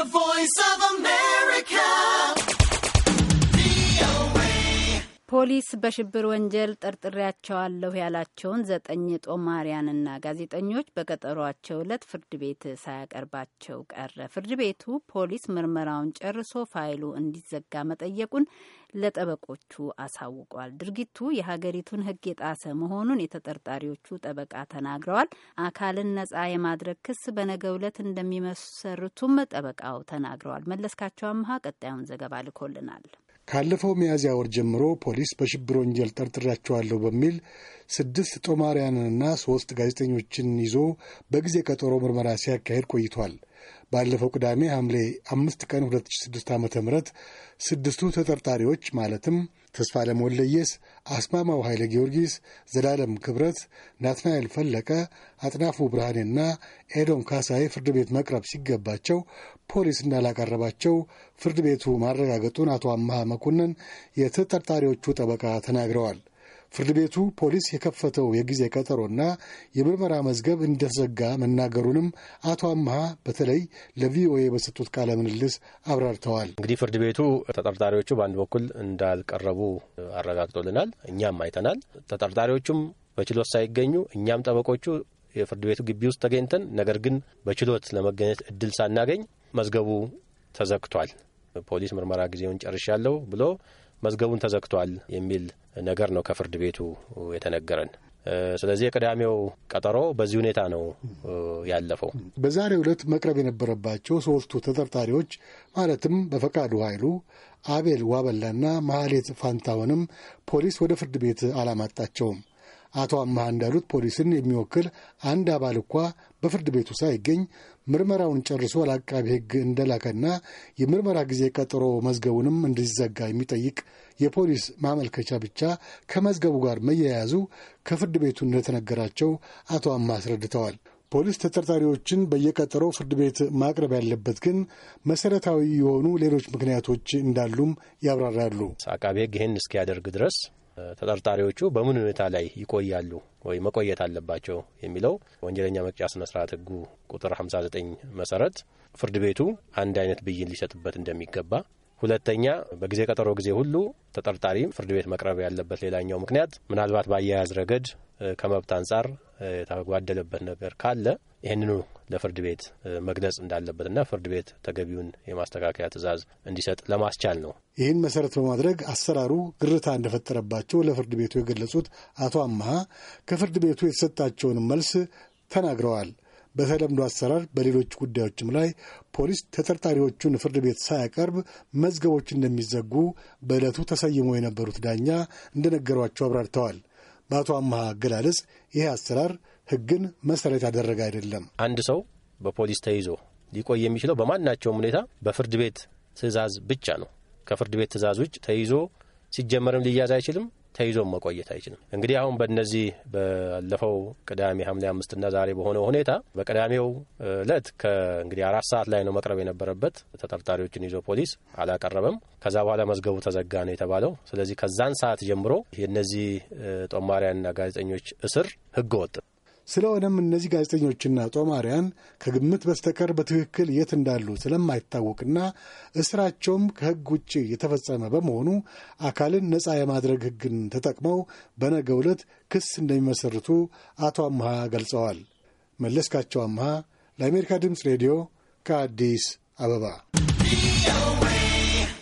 The voice of a man. ፖሊስ በሽብር ወንጀል ጠርጥሬያቸዋለሁ ያላቸውን ዘጠኝ ጦማሪያንና ጋዜጠኞች በቀጠሯቸው ዕለት ፍርድ ቤት ሳያቀርባቸው ቀረ። ፍርድ ቤቱ ፖሊስ ምርመራውን ጨርሶ ፋይሉ እንዲዘጋ መጠየቁን ለጠበቆቹ አሳውቋል። ድርጊቱ የሀገሪቱን ሕግ የጣሰ መሆኑን የተጠርጣሪዎቹ ጠበቃ ተናግረዋል። አካልን ነጻ የማድረግ ክስ በነገው ዕለት እንደሚመሰርቱም ጠበቃው ተናግረዋል። መለስካቸው አምሀ ቀጣዩን ዘገባ ልኮልናል። ካለፈው ሚያዝያ ወር ጀምሮ ፖሊስ በሽብር ወንጀል ጠርጥሬያቸዋለሁ በሚል ስድስት ጦማርያንንና ሶስት ጋዜጠኞችን ይዞ በጊዜ ቀጠሮ ምርመራ ሲያካሄድ ቆይቷል። ባለፈው ቅዳሜ ሐምሌ አምስት ቀን 2006 ዓ ም ስድስቱ ተጠርጣሪዎች ማለትም ተስፋለም ወለየስ አስማማው ኃይለ ጊዮርጊስ፣ ዘላለም ክብረት፣ ናትናኤል ፈለቀ፣ አጥናፉ ብርሃኔና ኤዶም ካሳይ ፍርድ ቤት መቅረብ ሲገባቸው ፖሊስ እንዳላቀረባቸው ፍርድ ቤቱ ማረጋገጡን አቶ አመሃ መኮንን የተጠርጣሪዎቹ ጠበቃ ተናግረዋል። ፍርድ ቤቱ ፖሊስ የከፈተው የጊዜ ቀጠሮና የምርመራ መዝገብ እንደተዘጋ መናገሩንም አቶ አምሃ በተለይ ለቪኦኤ በሰጡት ቃለ ምልልስ አብራርተዋል። እንግዲህ ፍርድ ቤቱ ተጠርጣሪዎቹ በአንድ በኩል እንዳልቀረቡ አረጋግጦልናል፣ እኛም አይተናል። ተጠርጣሪዎቹም በችሎት ሳይገኙ እኛም ጠበቆቹ የፍርድ ቤቱ ግቢ ውስጥ ተገኝተን ነገር ግን በችሎት ለመገኘት እድል ሳናገኝ መዝገቡ ተዘግቷል። ፖሊስ ምርመራ ጊዜውን ጨርሻለሁ ብሎ መዝገቡን ተዘግቷል የሚል ነገር ነው ከፍርድ ቤቱ የተነገረን። ስለዚህ የቅዳሜው ቀጠሮ በዚህ ሁኔታ ነው ያለፈው። በዛሬው ዕለት መቅረብ የነበረባቸው ሶስቱ ተጠርጣሪዎች ማለትም በፈቃዱ ኃይሉ፣ አቤል ዋበላና መሐሌት ፋንታሁንም ፖሊስ ወደ ፍርድ ቤት አላመጣቸውም። አቶ አመሀ እንዳሉት ፖሊስን የሚወክል አንድ አባል እኳ በፍርድ ቤቱ ሳይገኝ ምርመራውን ጨርሶ ለአቃቢ ሕግ እንደላከና የምርመራ ጊዜ ቀጠሮ መዝገቡንም እንዲዘጋ የሚጠይቅ የፖሊስ ማመልከቻ ብቻ ከመዝገቡ ጋር መያያዙ ከፍርድ ቤቱ እንደተነገራቸው አቶ አማ አስረድተዋል። ፖሊስ ተጠርጣሪዎችን በየቀጠሮው ፍርድ ቤት ማቅረብ ያለበት ግን መሰረታዊ የሆኑ ሌሎች ምክንያቶች እንዳሉም ያብራራሉ። አቃቢ ሕግ ይህን እስኪያደርግ ድረስ ተጠርጣሪዎቹ በምን ሁኔታ ላይ ይቆያሉ ወይ መቆየት አለባቸው የሚለው ወንጀለኛ መቅጫ ስነ ስርዓት ህጉ ቁጥር 59 መሰረት ፍርድ ቤቱ አንድ አይነት ብይን ሊሰጥበት እንደሚገባ ሁለተኛ በጊዜ ቀጠሮ ጊዜ ሁሉ ተጠርጣሪ ፍርድ ቤት መቅረብ ያለበት ሌላኛው ምክንያት ምናልባት በአያያዝ ረገድ ከመብት አንጻር የተጓደለበት ነገር ካለ ይህንኑ ለፍርድ ቤት መግለጽ እንዳለበትና ፍርድ ቤት ተገቢውን የማስተካከያ ትዕዛዝ እንዲሰጥ ለማስቻል ነው። ይህን መሰረት በማድረግ አሰራሩ ግርታ እንደፈጠረባቸው ለፍርድ ቤቱ የገለጹት አቶ አመሀ ከፍርድ ቤቱ የተሰጣቸውን መልስ ተናግረዋል። በተለምዶ አሰራር በሌሎች ጉዳዮችም ላይ ፖሊስ ተጠርጣሪዎቹን ፍርድ ቤት ሳያቀርብ መዝገቦች እንደሚዘጉ በዕለቱ ተሰይሞ የነበሩት ዳኛ እንደነገሯቸው አብራርተዋል። በአቶ አመሃ አገላለጽ ይህ አሰራር ሕግን መሰረት ያደረገ አይደለም። አንድ ሰው በፖሊስ ተይዞ ሊቆይ የሚችለው በማናቸውም ሁኔታ በፍርድ ቤት ትዕዛዝ ብቻ ነው። ከፍርድ ቤት ትዕዛዝ ውጭ ተይዞ ሲጀመርም ሊያዝ አይችልም። ተይዞ መቆየት አይችልም። እንግዲህ አሁን በእነዚህ ባለፈው ቅዳሜ ሐምሌ አምስትና ዛሬ በሆነው ሁኔታ በቅዳሜው እለት ከእንግዲህ አራት ሰዓት ላይ ነው መቅረብ የነበረበት ተጠርጣሪዎችን ይዞ ፖሊስ አላቀረበም። ከዛ በኋላ መዝገቡ ተዘጋ ነው የተባለው። ስለዚህ ከዛን ሰዓት ጀምሮ የእነዚህ ጦማሪያንና ጋዜጠኞች እስር ህገ ወጥ ስለሆነም እነዚህ ጋዜጠኞችና ጦማሪያን ከግምት በስተቀር በትክክል የት እንዳሉ ስለማይታወቅና እስራቸውም ከሕግ ውጭ የተፈጸመ በመሆኑ አካልን ነፃ የማድረግ ሕግን ተጠቅመው በነገ ዕለት ክስ እንደሚመሰርቱ አቶ አምሃ ገልጸዋል። መለስካቸው አምሃ ለአሜሪካ ድምፅ ሬዲዮ ከአዲስ አበባ